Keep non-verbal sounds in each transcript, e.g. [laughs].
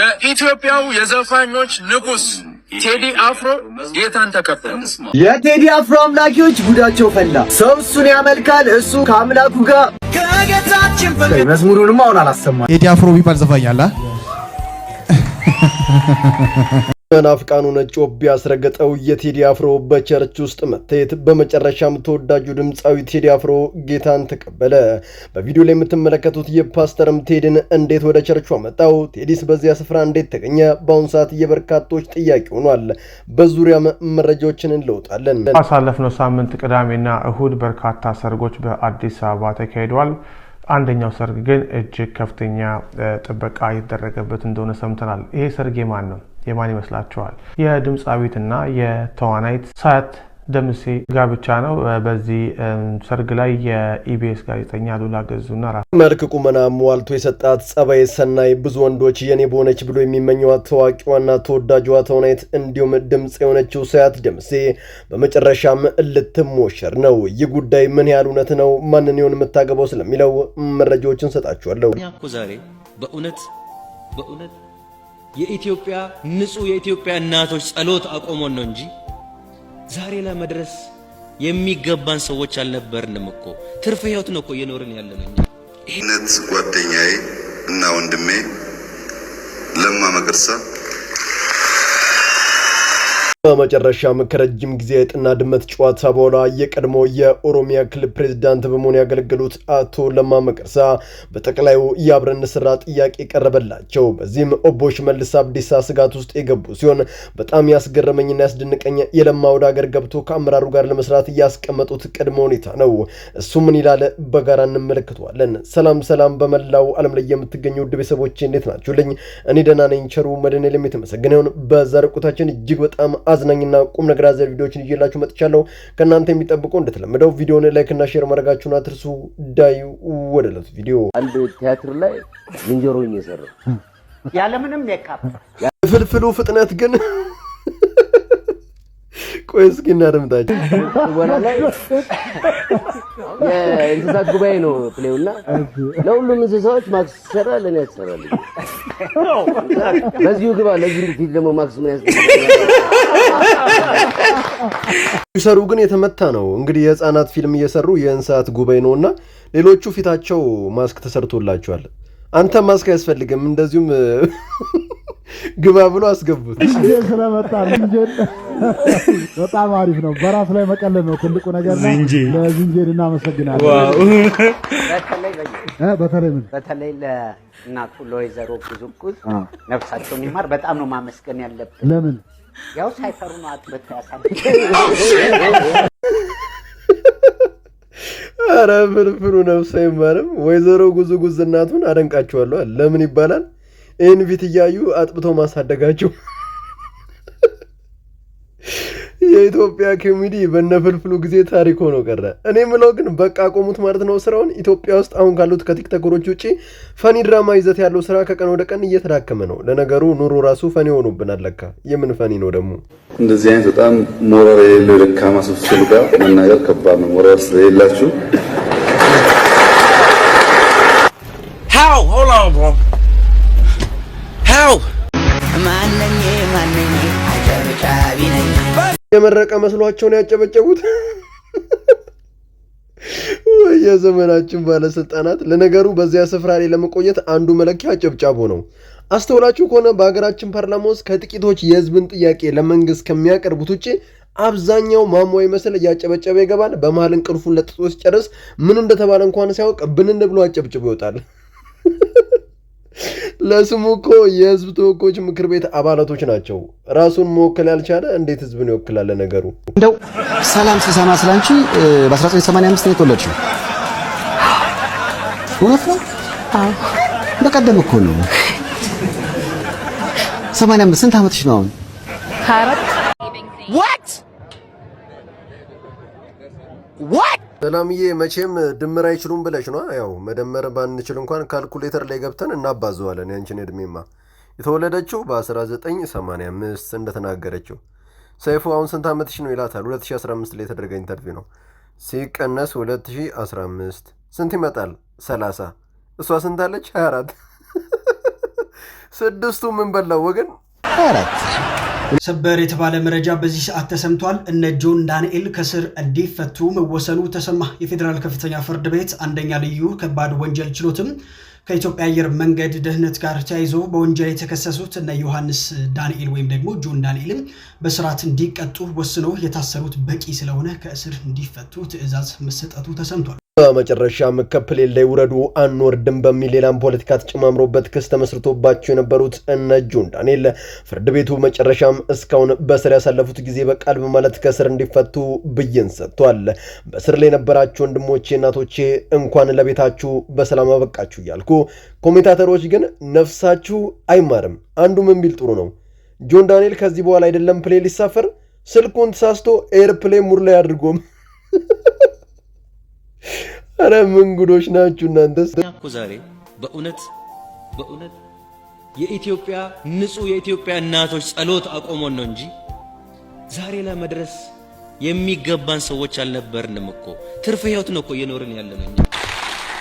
የኢትዮጵያው የዘፋኞች ንጉስ ቴዲ አፍሮ ጌታን ተከፈለ። የቴዲ አፍሮ አምላኪዎች ጉዳቸው ፈላ። ሰው እሱን ያመልካል፣ እሱ ከአምላኩ ጋር ከጌታችን ፈለ። መዝሙሩንም አሁን አላሰማ ቴዲ አፍሮ የሚባል ዘፋኝ አለ። በናፍቃኑ ነጮብ ያስረገጠው የቴዲ አፍሮ በቸርች ውስጥ መታየት በመጨረሻም ተወዳጁ ድምፃዊ ቴዲ አፍሮ ጌታን ተቀበለ። በቪዲዮ ላይ የምትመለከቱት የፓስተርም ቴድን እንዴት ወደ ቸርቹ አመጣው? ቴዲስ በዚያ ስፍራ እንዴት ተገኘ? በአሁኑ ሰዓት የበርካቶች ጥያቄ ሆኗል። በዙሪያም መረጃዎችን እንለውጣለን። ባሳለፍነው ሳምንት ቅዳሜና እሁድ በርካታ ሰርጎች በአዲስ አበባ ተካሂደዋል። አንደኛው ሰርግ ግን እጅግ ከፍተኛ ጥበቃ የተደረገበት እንደሆነ ሰምተናል። ይሄ ሰርግ የማን ነው? የማን ይመስላችኋል? የድምፃዊትና የተዋናይት ሳያት ደምሴ ጋብቻ ነው። በዚህ ሰርግ ላይ የኢቢኤስ ጋዜጠኛ ሉላ ገዙና ራ መልክ ቁመና ሟልቶ የሰጣት ጸባይ ሰናይ ብዙ ወንዶች የኔ በሆነች ብሎ የሚመኘዋ ታዋቂዋና ተወዳጇ ተውናይት እንዲሁም ድምፅ የሆነችው ሰያት ደምሴ በመጨረሻም ልትሞሸር ነው። ይህ ጉዳይ ምን ያህል እውነት ነው፣ ማንን ይሆን የምታገባው ስለሚለው መረጃዎችን ሰጣችኋለሁ። ዛሬ በእውነት በእውነት የኢትዮጵያ ንጹህ የኢትዮጵያ እናቶች ጸሎት አቆሞን ነው እንጂ ዛሬ ላይ መድረስ የሚገባን ሰዎች አልነበርንም እኮ ትርፍ ህይወት ነው እኮ እየኖርን ያለ ነው። ጓደኛዬ እና ወንድሜ ለማ መገርሳ በመጨረሻም ከረጅም ጊዜ የጥና ድመት ጨዋታ በኋላ የቀድሞ የኦሮሚያ ክልል ፕሬዚዳንት በመሆን ያገለገሉት አቶ ለማ መገርሳ በጠቅላዩ የአብረን ስራ ጥያቄ ቀረበላቸው። በዚህም ኦቦ ሽመልስ አብዲሳ ስጋት ውስጥ የገቡ ሲሆን በጣም ያስገረመኝና ያስደንቀኝ የለማ ወደ ሀገር ገብቶ ከአመራሩ ጋር ለመስራት እያስቀመጡት ቅድመ ሁኔታ ነው። እሱ ምን ይላል? በጋራ እንመለከተዋለን። ሰላም ሰላም፣ በመላው ዓለም ላይ የምትገኙ ውድ ቤተሰቦች እንዴት ናችሁልኝ? እኔ ደህና ነኝ። ቸሩ መድኃኔዓለም የተመሰገነ ይሁን። በዛሬው ቆይታችን እጅግ በጣም አዝናኝና ቁም ነገር አዘል ቪዲዮዎችን እየላችሁ መጥቻለሁ። ከእናንተ የሚጠብቀው እንደተለመደው ቪዲዮን ላይክና ሼር ማድረጋችሁን አትርሱ። ዳዩ ወደ ዕለቱ ቪዲዮ አንድ ቲያትር ላይ ዝንጀሮ የሰራ ያለምንም ሜካፕ ፍልፍሉ ፍጥነት ግን [laughs] ቆይ እስኪ እናደምጣቸው። የእንስሳት ጉባኤ ነው ፕሌው እና ለሁሉም እንስሳዎች ማክስ ይሰራል፣ እኔ ያሰራል። በዚሁ ግባ። ለዚህ ፊት ደግሞ ማክስ ምን ያስ ፕሮዲሰሩ ግን የተመታ ነው። እንግዲህ የህፃናት ፊልም እየሰሩ የእንስሳት ጉባኤ እና ሌሎቹ ፊታቸው ማስክ ተሰርቶላቸዋል። አንተ ማስክ አያስፈልግም፣ እንደዚሁም [laughs] ግባ ብሎ አስገቡት ስለመጣ [laughs] በጣም አሪፍ ነው። በራስ ላይ መቀለል ነው ትልቁ ነገር። ለዝንጄድ እናመሰግናለን። በተለይ ምን በተለይ ለእናቱ ለወይዘሮ ብዙ ነፍሳቸውን ይማር። በጣም ነው ማመስገን ያለብን። ለምን ያው ሳይፈሩ ነው አጥበት ያሳደ አረ ፍርፍሩ ነፍሰ ይማርም። ወይዘሮ ጉዙ ጉዝ እናቱን አደንቃችኋለሁ። ለምን ይባላል? ይህን ፊት እያዩ አጥብተው ማሳደጋቸው የኢትዮጵያ ኮሚዲ በነፍልፍሉ ጊዜ ታሪክ ሆኖ ቀረ። እኔ ምለው ግን በቃ ቆሙት ማለት ነው ስራውን። ኢትዮጵያ ውስጥ አሁን ካሉት ከቲክቶከሮች ውጪ ፈኒ ድራማ ይዘት ያለው ስራ ከቀን ወደ ቀን እየተዳከመ ነው። ለነገሩ ኑሮ ራሱ ፈኒ ሆኖብናል። ለካ የምን ፈኒ ነው ደግሞ። እንደዚህ አይነት በጣም ሞራል የሌለው ደካማ ሰው ጋር መናገር ከባድ ነው። ሞራል ስለሌላችሁ የመረቀ መስሏቸውን ያጨበጨቡት። የዘመናችን ባለስልጣናት ለነገሩ በዚያ ስፍራ ላይ ለመቆየት አንዱ መለኪያ ጭብጫቦ ነው። አስተውላችሁ ከሆነ በሀገራችን ፓርላማ ውስጥ ከጥቂቶች የህዝብን ጥያቄ ለመንግስት ከሚያቀርቡት ውጭ አብዛኛው ማሞ ይመስል እያጨበጨበ ይገባል። በመሀል እንቅልፉን ለጥጦ ሲጨርስ ምን እንደተባለ እንኳን ሲያውቅ ብንን ብሎ አጨብጭቦ ይወጣል። ለስሙ እኮ የህዝብ ተወካዮች ምክር ቤት አባላቶች ናቸው። ራሱን መወከል ያልቻለ እንዴት ህዝብን ይወክላል? ነገሩ እንደው ሰላም ስሰማ ስላንቺ በ1985 ነው የተወለድሽው? እውነት ነው? በቀደም እኮ ነው። 85 ስንት ዓመትሽ ነው አሁን? 24 What? ሰላምዬ መቼም ድምር አይችሉም ብለሽ ነው። ያው መደመር ባንችል እንኳን ካልኩሌተር ላይ ገብተን እናባዘዋለን። ያንችን እድሜማ የተወለደችው በ1985 እንደተናገረችው ሰይፉ አሁን ስንት ዓመትሽ ነው ይላታል። 2015 ላይ የተደረገ ኢንተርቪው ነው። ሲቀነስ 2015 ስንት ይመጣል? 30 እሷ ስንት አለች? 24 ስድስቱ ምን በላው ወገን 24 ሰበር የተባለ መረጃ በዚህ ሰዓት ተሰምቷል። እነ ጆን ዳንኤል ከስር እንዲፈቱ መወሰኑ ተሰማ። የፌዴራል ከፍተኛ ፍርድ ቤት አንደኛ ልዩ ከባድ ወንጀል ችሎትም ከኢትዮጵያ አየር መንገድ ደህንነት ጋር ተያይዞ በወንጀል የተከሰሱት እነ ዮሐንስ ዳንኤል ወይም ደግሞ ጆን ዳንኤልም በስርዓት እንዲቀጡ ወስኖ የታሰሩት በቂ ስለሆነ ከእስር እንዲፈቱ ትዕዛዝ መሰጠቱ ተሰምቷል። በመጨረሻም ከፕሌን ላይ ውረዱ አንወርድም በሚል ሌላም ፖለቲካ ተጨማምሮበት ክስ ተመስርቶባቸው የነበሩት እነ ጆን ዳንኤል ፍርድ ቤቱ መጨረሻም እስካሁን በስር ያሳለፉት ጊዜ በቃል በማለት ከስር እንዲፈቱ ብይን ሰጥቷል። በስር ላይ የነበራችሁ ወንድሞቼ፣ እናቶቼ እንኳን ለቤታችሁ በሰላም አበቃችሁ እያልኩ ኮሜንታተሮች ግን ነፍሳችሁ አይማርም አንዱ ምን ቢል ጥሩ ነው ጆን ዳንኤል ከዚህ በኋላ አይደለም ፕሌን ሊሳፈር ስልኩን ተሳስቶ ኤርፕሌን ሙር ላይ አድርጎም [laughs] ኧረ ምን ናችሁ እናንተስ! እኮ ዛሬ በእውነት በእውነት የኢትዮጵያ ንጹህ የኢትዮጵያ እናቶች ጸሎት አቆሞን ነው እንጂ ዛሬ ላይ መድረስ የሚገባን ሰዎች አልነበርንም እኮ። ትርፍ ህይወት ነው እኮ እየኖርን ያለነው።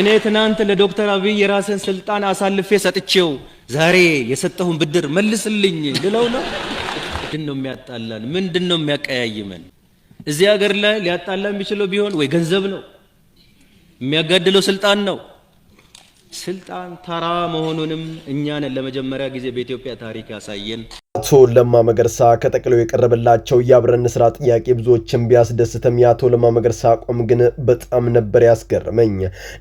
እኔ ትናንት ለዶክተር አብይ የራስን ስልጣን አሳልፌ ሰጥቼው ዛሬ የሰጠሁን ብድር መልስልኝ ልለው ነው። ምንድን ነው የሚያጣላን? ምንድን ነው የሚያቀያይመን? እዚህ ሀገር ላይ ሊያጣላ የሚችለው ቢሆን ወይ ገንዘብ ነው የሚያጋድለው ስልጣን ነው። ስልጣን ተራ መሆኑንም እኛን ለመጀመሪያ ጊዜ በኢትዮጵያ ታሪክ ያሳየን አቶ ለማ መገርሳ ከጠቅለው የቀረበላቸው የአብረን ስራ ጥያቄ ብዙዎችን ቢያስደስትም የአቶ ለማ መገርሳ አቋም ግን በጣም ነበር ያስገረመኝ።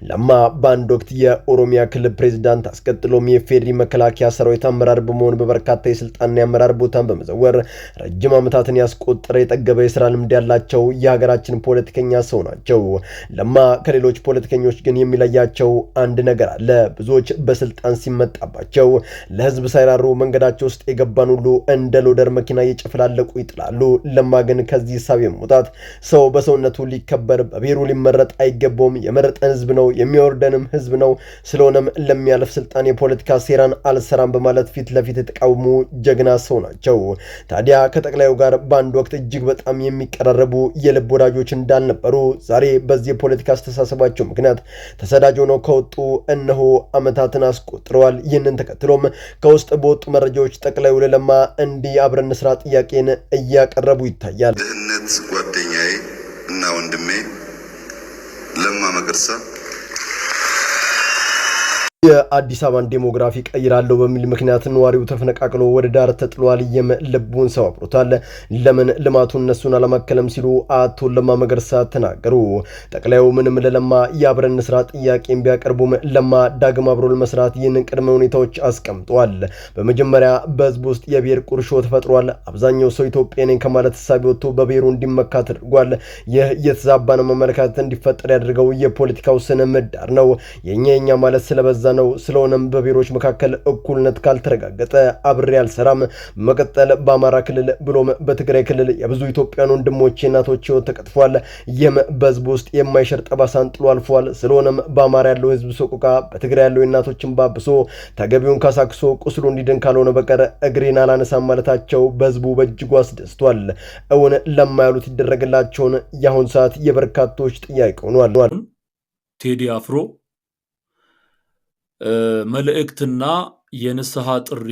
ለማ በአንድ ወቅት የኦሮሚያ ክልል ፕሬዚዳንት፣ አስቀጥሎም የፌዴሪ መከላከያ ሰራዊት አመራር በመሆን በበርካታ የስልጣንና የአመራር ቦታን በመዘወር ረጅም ዓመታትን ያስቆጠረ የጠገበ የስራ ልምድ ያላቸው የሀገራችን ፖለቲከኛ ሰው ናቸው። ለማ ከሌሎች ፖለቲከኞች ግን የሚለያቸው አንድ ነገር አለ። ብዙዎች በስልጣን ሲመጣባቸው ለህዝብ ሳይራሩ መንገዳቸው ውስጥ የገባኑ ሁሉ እንደ ሎደር መኪና እየጨፈላለቁ ይጥላሉ። ለማ ግን ከዚህ ሂሳብ የመውጣት ሰው በሰውነቱ ሊከበር በብሔሩ ሊመረጥ አይገባውም። የመረጠን ህዝብ ነው፣ የሚወርደንም ህዝብ ነው። ስለሆነም ለሚያልፍ ስልጣን የፖለቲካ ሴራን አልሰራም በማለት ፊት ለፊት የተቃወሙ ጀግና ሰው ናቸው። ታዲያ ከጠቅላዩ ጋር በአንድ ወቅት እጅግ በጣም የሚቀራረቡ የልብ ወዳጆች እንዳልነበሩ ዛሬ በዚህ የፖለቲካ አስተሳሰባቸው ምክንያት ተሰዳጅ ሆነው ከወጡ እነሆ ዓመታትን አስቆጥረዋል። ይህንን ተከትሎም ከውስጥ በወጡ መረጃዎች ጠቅላዩ ለለማ ለማ እንዲህ አብረን ስራ ጥያቄን እያቀረቡ ይታያል። ድህነት ጓደኛዬ እና ወንድሜ ለማ መገርሳ የአዲስ አበባን ዴሞግራፊ ቀይራለሁ በሚል ምክንያት ነዋሪው ተፈነቃቅሎ ወደ ዳር ተጥሏል። ልቡን ሰባብሮታል። ለምን ልማቱ እነሱን አለማከለም ሲሉ አቶ ለማ መገርሳ ተናገሩ። ጠቅላዩ ምንም ለለማ የአብረን ስራ ጥያቄን ቢያቀርቡም ለማ ዳግም አብሮ ለመስራት ይህንን ቅድመ ሁኔታዎች አስቀምጧል። በመጀመሪያ በህዝብ ውስጥ የብሔር ቁርሾ ተፈጥሯል። አብዛኛው ሰው ኢትዮጵያ ነኝ ከማለት ሳቢ ወጥቶ በብሔሩ እንዲመካ ተደርጓል። ይህ የተዛባነ መመለካከት እንዲፈጠር ያደርገው የፖለቲካው ስነ ምህዳር ነው። የእኛ የኛ ማለት ስለበዛ ነው። ስለሆነም በብሔሮች መካከል እኩልነት ካልተረጋገጠ አብሬ አልሰራም። መቀጠል በአማራ ክልል ብሎም በትግራይ ክልል የብዙ ኢትዮጵያን ወንድሞች እናቶች ህይወት ተቀጥፏል። ይህም በህዝብ ውስጥ የማይሸር ጠባሳን ጥሎ አልፏል። ስለሆነም በአማራ ያለው የህዝብ ሰቆቃ በትግራይ ያለው የእናቶችን ባብሶ ተገቢውን ካሳክሶ ቁስሉ እንዲድን ካልሆነ በቀር እግሬን አላነሳም ማለታቸው በህዝቡ በእጅጉ አስደስቷል። እውን ለማያሉት ይደረግላቸውን የአሁን ሰዓት የበርካቶች ጥያቄ ሆኗል። ቴዲ አፍሮ መልእክትና የንስሐ ጥሪ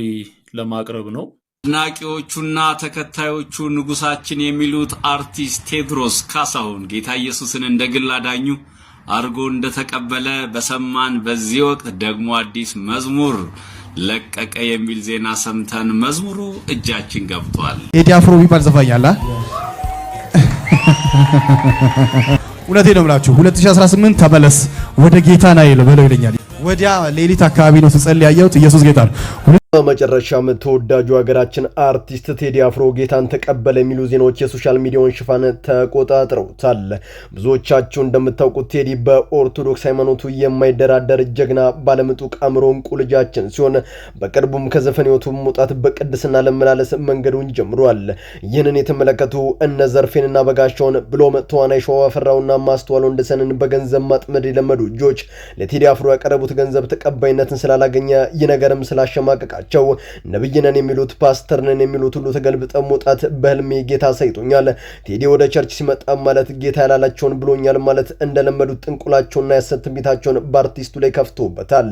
ለማቅረብ ነው። አድናቂዎቹና ተከታዮቹ ንጉሳችን የሚሉት አርቲስት ቴድሮስ ካሳሁን ጌታ ኢየሱስን እንደ ግል አዳኙ አድርጎ እንደተቀበለ በሰማን በዚህ ወቅት ደግሞ አዲስ መዝሙር ለቀቀ የሚል ዜና ሰምተን መዝሙሩ እጃችን ገብቷል። ቴዲ አፍሮ ቢባል ዘፋኛላ [laughs] እውነቴ ነው የምላችሁ 2018 ተመለስ ወደ ጌታ ና በለው ይለኛል። ወዲያ ሌሊት አካባቢ ነው ስጸልይ ያየሁት። ኢየሱስ ጌታ ነው። በመጨረሻም ተወዳጁ ሀገራችን አርቲስት ቴዲ አፍሮ ጌታን ተቀበለ የሚሉ ዜናዎች የሶሻል ሚዲያውን ሽፋን ተቆጣጥረውታል። ብዙዎቻችሁ እንደምታውቁት ቴዲ በኦርቶዶክስ ሃይማኖቱ የማይደራደር ጀግና ባለምጡቅ አእምሮ እንቁ ልጃችን ሲሆን በቅርቡም ከዘፈን መውጣት በቅድስና ለመላለስ መንገዱን ጀምሯል። ይህንን የተመለከቱ እነ ዘርፌንና በጋሻውን ብሎም ተዋናይ ሸዋ ፈራውና ማስተዋል ወንደሰንን በገንዘብ ማጥመድ የለመዱ እጆች ለቴዲ አፍሮ ያቀረቡት ገንዘብ ተቀባይነትን ስላላገኘ ይህ ነገርም ስላሸማቀቃል ናቸው። ነብይነን የሚሉት ፓስተርነን የሚሉት ሁሉ ተገልብጠው መውጣት በህልሜ ጌታ አሳይቶኛል። ቴዲ ወደ ቸርች ሲመጣ ማለት ጌታ ያላላቸውን ብሎኛል ማለት እንደለመዱት ጥንቁላቸውና ያሰት ትንቢታቸውን በአርቲስቱ ላይ ከፍቶበታል።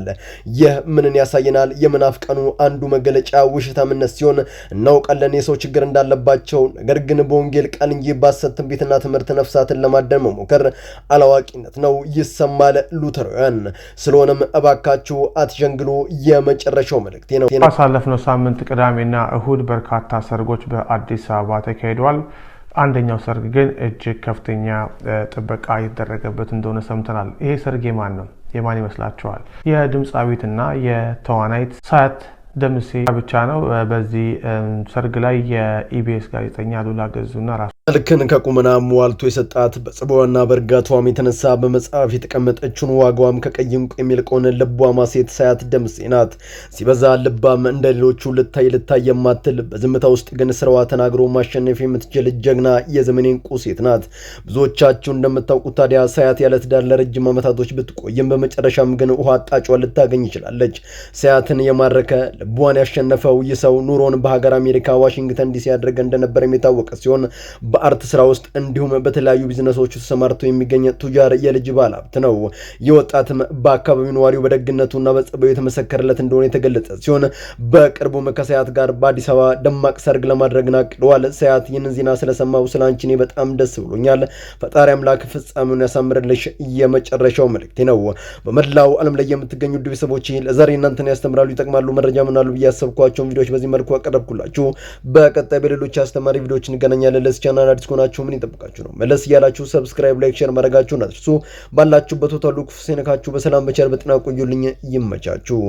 ይህ ምንን ያሳየናል? የመናፍቃኑ አንዱ መገለጫ ውሸታምነት ሲሆን እናውቃለን የሰው ችግር እንዳለባቸው፣ ነገር ግን በወንጌል ቃል እንጂ በሐሰት ትንቢትና ትምህርት ነፍሳትን ለማደን መሞከር አላዋቂነት ነው፣ ይሰማል ሉተራውያን። ስለሆነም እባካችሁ አትሸንግሎ የመጨረሻው መልእክቴ ነው። ባሳለፍነው ሳምንት ቅዳሜና እሁድ በርካታ ሰርጎች በአዲስ አበባ ተካሂደዋል። አንደኛው ሰርግ ግን እጅግ ከፍተኛ ጥበቃ የተደረገበት እንደሆነ ሰምተናል። ይሄ ሰርግ የማን ነው? የማን ይመስላችኋል? የድምፃዊትና የተዋናይት ሳያት ደምሴ ብቻ ነው። በዚህ ሰርግ ላይ የኢቢኤስ ጋዜጠኛ ሉላ ገዙና መልክን ከቁመና ሟልቶ የሰጣት በጽቦዋና በእርጋቷም የተነሳ በመጽሐፍ የተቀመጠችውን ዋጓም ከቀይ እንቁ የሚልቀውን ልቧማ ሴት ሳያት ደምሴ ናት። ሲበዛ ልባም እንደ ሌሎቹ ልታይ ልታይ የማትል በዝምታ ውስጥ ግን ስራዋ ተናግሮ ማሸነፍ የምትችል ጀግና የዘመኔ እንቁ ሴት ናት። ብዙዎቻችሁ እንደምታውቁት ታዲያ ሳያት ያለ ትዳር ለረጅም ዓመታቶች ብትቆይም በመጨረሻም ግን ውሃ አጣጯ ልታገኝ ይችላለች። ሳያትን የማረከ ልቧን ያሸነፈው ይህ ሰው ኑሮን በሀገር አሜሪካ ዋሽንግተን ዲሲ ያደረገ እንደነበረም የታወቀ ሲሆን በአርት ስራ ውስጥ እንዲሁም በተለያዩ ቢዝነሶች ተሰማርቶ የሚገኝ ቱጃር የልጅ ባለ ሀብት ነው። ይህ ወጣትም በአካባቢው ነዋሪው በደግነቱና በጸበዩ የተመሰከረለት እንደሆነ የተገለጸ ሲሆን በቅርቡም ከሰያት ጋር በአዲስ አበባ ደማቅ ሰርግ ለማድረግ ናቅደዋል። ሰያት ይህንን ዜና ስለሰማው ስለ አንቺ እኔ በጣም ደስ ብሎኛል። ፈጣሪ አምላክ ፍጻሜውን ያሳምርልሽ የመጨረሻው መልእክቴ ነው። በመላው ዓለም ላይ የምትገኙ ውድ ቤተሰቦች ለዛሬ እናንተን ያስተምራሉ፣ ይጠቅማሉ፣ መረጃ ምናሉ ብዬ ያሰብኳቸውን ቪዲዮዎች በዚህ መልኩ አቀረብኩላችሁ። በቀጣይ በሌሎች አስተማሪ ቪዲዮዎች እንገናኛለን። ለዚህ ቻናል ቻናል አዲስ ከሆናችሁ ምን ይጠብቃችሁ ነው? መለስ እያላችሁ ሰብስክራይብ፣ ላይክ፣ ሼር ማድረጋችሁን አትርሱ። ባላችሁበት ቦታ ሁሉ ክፉ ሳይነካችሁ በሰላም በቸር በጤና ቆዩልኝ። ይመቻችሁ።